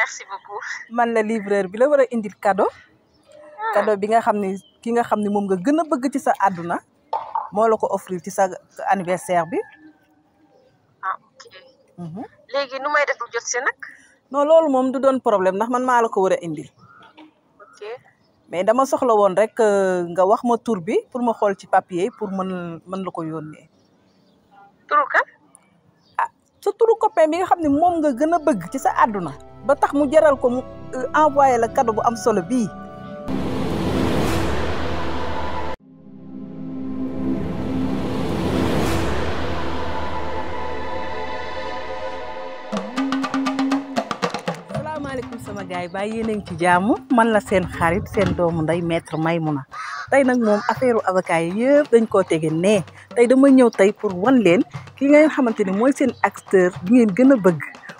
merci beaucoup man la livreur bi la wara indil cadeau ah. cadeau bi nga xamni ki nga xamni mom nga gëna bëgg ci sa aduna mo la ko offrir ci sa anniversaire bi ah, mhm. léegi nu may def bu jot ci nak. non lolu mom du don problème ndax man ma la ko wara indil ok mais dama soxla won rek euh, nga wax ma tour bi pour ma xol ci papier pour man man la ko yónnee Tour ka? ah sa turu copain bi nga xamni mom nga gëna bëgg ci sa aduna. ba tax mu jaral ko mu euh, envoyé la cadeau bu am solo bii. salaamaaleykum sama gaay yi ba yéen a ngi ci jàmm man la seen xarit seen doomu nday maître Maymouna tey nag moom affaire avocat yi dañ koo tege nee tey dama ñëw tey pour wan leen ki ngeen xamante ni mooy seen acteur gi ngeen gën a bëgg.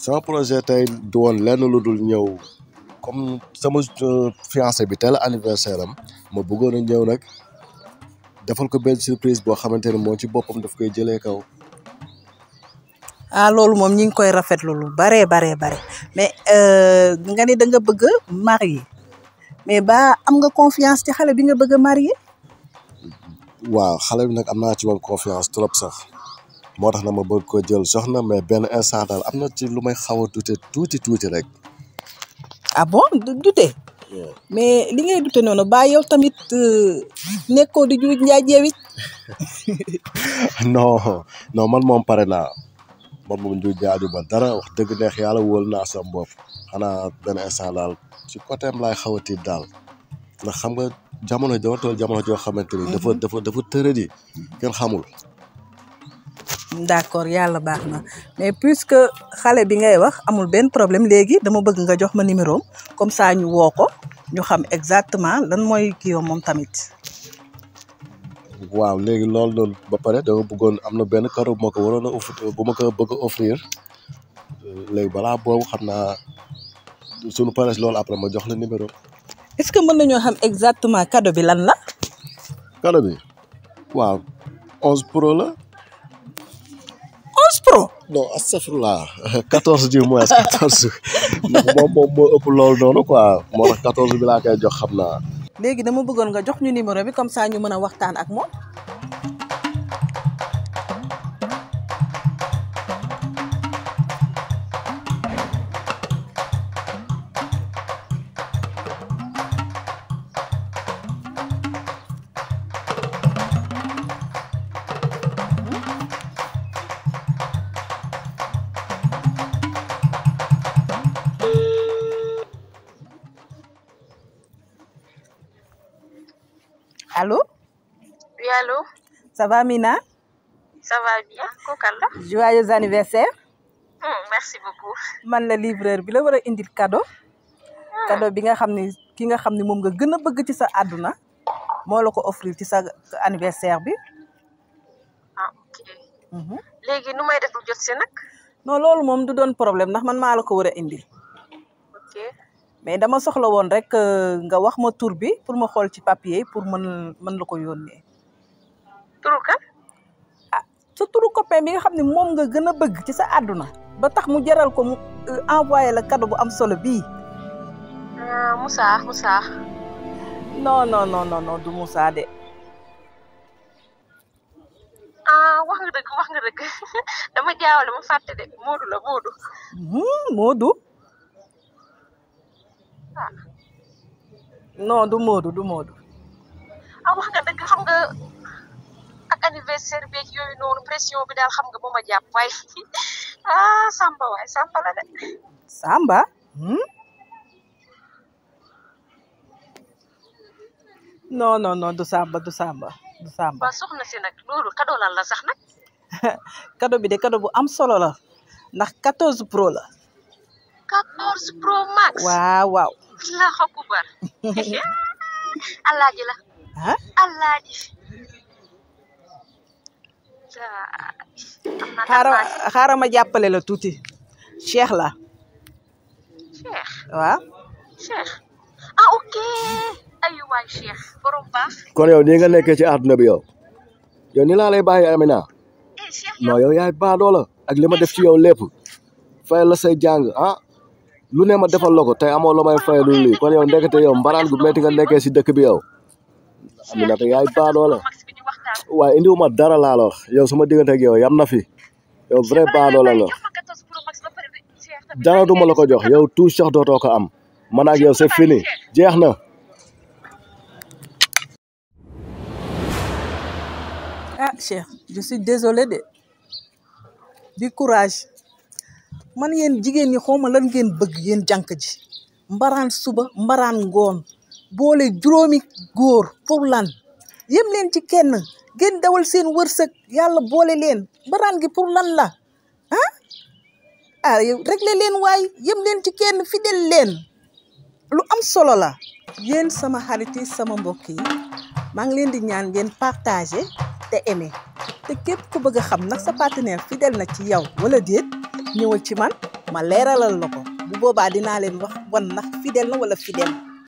sama projet tay du woon lenn lu dul comme sama euh, fiancé bi tey la anniversaire am ma bëggoon ñew nak defal ko benn surprise bo xamanteni mo ci bopam daf koy jëlé kaw ah loolu mom ñing koy rafet lu bare bare bare mais euh nga ni da nga bëgg marier mais ba am nga confiance ci xalé bi nga bëgg marier waaw xalé bi nak amna ci moom confiance trop sax motax na ma bëgg ko jël soxna mais ben instant dal amna ci lu may xawa douté touti touti rek ah bon douté mais li ngay douté nono ba yow tamit euh, nekko di juuj njaay jeewit non non man mom paré na man mom juuj jaaju ba dara wax deug neex yalla wol na sa bop xana ben instant dal ci côté am lay xawati dal ndax xam nga jamono jo jamono jo xamanteni dafa dafa dafa teure di ken xamul d'accord yalla baxna mais puisque xalé bi ngay wax amul ben problème légui dama bëgg nga jox ma numéro comme ça ñu woo ko ñu xam exactement lan mooy kii mom tamit. waaw légui lool do ba paré dama bëggoon amna ben cadeau karo bu ma ko offrir bu ma bëgg offrir euh, léegi balaa boobu xam naa suñu paree lool après ma jox la numéro. est-ce que mën nañoo xam exactement cadeau bi lan la. cadeau bi waaw 11 pro la. non astafurlah quatorze du mois quatorze moom moom ëpp loolu noonu quoi moo tax quatorze bi laa koy jox xam naa. léegi dama bëggoon nga jox ñu numéro bi comme ça ñu mën a waxtaan ak moom. Allô Oui, allô Ça va, Mina Ça va bien, Kokanda. Joyeux anniversaire. Mm, merci beaucoup. Man la livreur bi la wara indil cadeau. Hmm. Cadeau bi nga xamni ki nga xamni mom nga gëna bëgg ci sa aduna mo la ko offrir ci sa anniversaire bi. Ah, OK. Mhm. Mm Légui numay def jot ci nak? Non, lolu mom du doon problème ndax man ma la ko wara indi. OK. mais dama soxla woon rek euh, nga wax ma tur bi pour ma xool ci papier pour mën mën la ko yónnee. turu kan. ah sa turu copain bi nga xam ne moom nga gën a bëgg ci sa àdduna. ba tax mu jaral ko euh, envoyé la cadeau bu am solo bii. Euh, Moussa Moussa. non non non du Moussa de. Ah, wax nga dëgg wax nga dëgg dama jaawale ma fàtte de Moodu la Moodu. Hmm, Moodu. Não, do modo, do modo. ah wax nga dëgg xam nga ak anniversaire beeg yooyu noonu pression bi daal xam nga moom a jàpp waay ah Samba waay Samba la de. Samba. non hmm? non non du Samba du Samba du Samba. Ba soxna si nag loolu cadeau lan la sax nag. cadeau bi de cadeau bu am solo la ndax 14 pro la. 14 pro max. waaw waaw. allahu akbar. alaaji la. ah alaaji. xaaral xaaral ma jàppale la tuuti. Cheikh la. Cheikh. waaw. Cheikh ah ok. ayu waay kon yow nii nga nekkee ci àdduna bi yow. yow ni laa lay bàyyi Amina. Eh, non yow yaay baadoo la ak li eh, def ci yow lépp. fayal la say jàng ah. lu ne ma defal lako tay amo lamay faylu li fay kon yow ndekete yow mbaral gu metti nga nekkee ci dëkk bi yow ay ba do la waaye indiwu ma dara laa la wax yow sama diggante ak yow yam na fi yow vrai do la la dara duma la ko jox yow tout sax doto ko am man ak yow c'est fini jeexna ah cher je suis désolée de du courage man yeen jigen ni xoma lan ngeen bëgg yeen jank ji mbaran suba mbaran ngoon boole juroomi goor pour lan yem leen ci kenn ngeen dawal seen wërsëg yàlla boole leen mbaran gi pour lan la ah ah réglé leen waay yem leen ci kenn fidèle leen lu am solo la yeen sama xarit sama mbokk yi maa ngi leen di ñaan ngeen partager te aimer te képp ku bëgg a xam nag sa partenaire fidèle na ci yow wala déet ñëwal ci man ma leeralal la ko bu boobaa dinaa leen wax wan ndax fidèle na wala fidèle